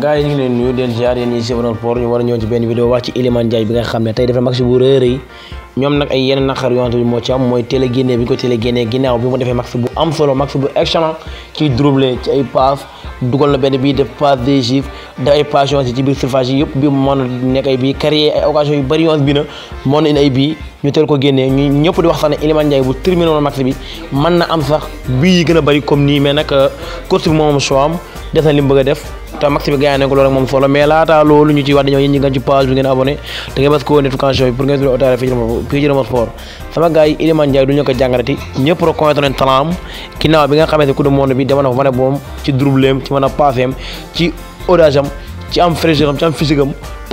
gaay ñu leen nuyu den ziar yeen ñi ci wonal por ñu wara ñoo ci benn vidéo wax ci Iliman Jay bi nga xamne tay defal mak ci bu reere ñom nak ay yeen naxar yoon tu mo ci am moy télé guéné bi ko télé guéné ginaaw bi mu defé mak ci bu am solo mak ci bu excellent ci dribbler ci ay pass dugal na benn bi def pass décisif da ay passion ci bi surface yépp bi mo non nek ay bi créer ay occasion yu bari yoon bi na mo non ay bi ñu tel ko guéné ñu ñëpp di waxtane Iliman Jay bu terminé won mak ci bi man na am sax bi gëna bari comme ni mais nak course bi mo am def na li mu bëgg a def te max bi gagné nañ ko loolu ak moom solo mais laata loolu ñu ci wax yi ñu ko jàngalati ñëpp reconnaître nañ talent am ginnaaw bi nga xamante ne coupe du monde bi dama na fa mën a boom ci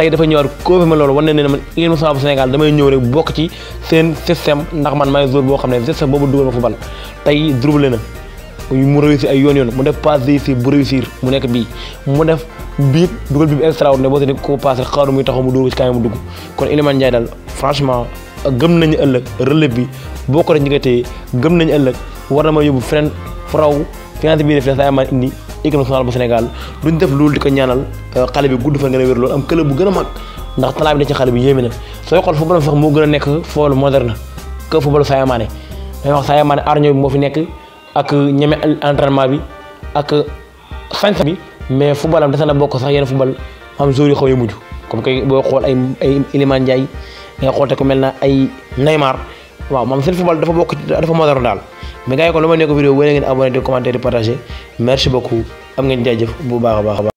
dafa ñëwaat confirmé loolu wane ne man équipe nationale bu Sénégal damay ñëw rek bokk ci seen système ndax man maay joueur boo xam ne système boobu dugal ma football tey dribblé na mu réussir ay yoon yoon mu def passe réussir bu réussir mu nekk bii mu def biit dugal bi boo ko def ñi nga téye gëm ma yóbbu feneen fraw finance bii def la saa maa indi équipe nationale bu Sénégal duñ def loolu di ko ñaanal euh, xale bi gudd fa gën a wér loolu am club bu gën a mag ndax bi ne ci xale bi yéeme na sooy xool football sax moo a nekk moderne que football Sadio Mané moo fi nekk ak ñame entraînement bi ak sañ bi mais footballam dafa na bok sax yeen football am jour yu xawé muju comme kay bo xol ay ay Iliman Jay nga xolte ko melna ay Neymar waaw mom sen football dafa bok dafa moderne dal mais gay ko luma neko vidéo wéne ngeen abonné di commenter di partager merci beaucoup am ngeen jajeuf bu baaxa baaxa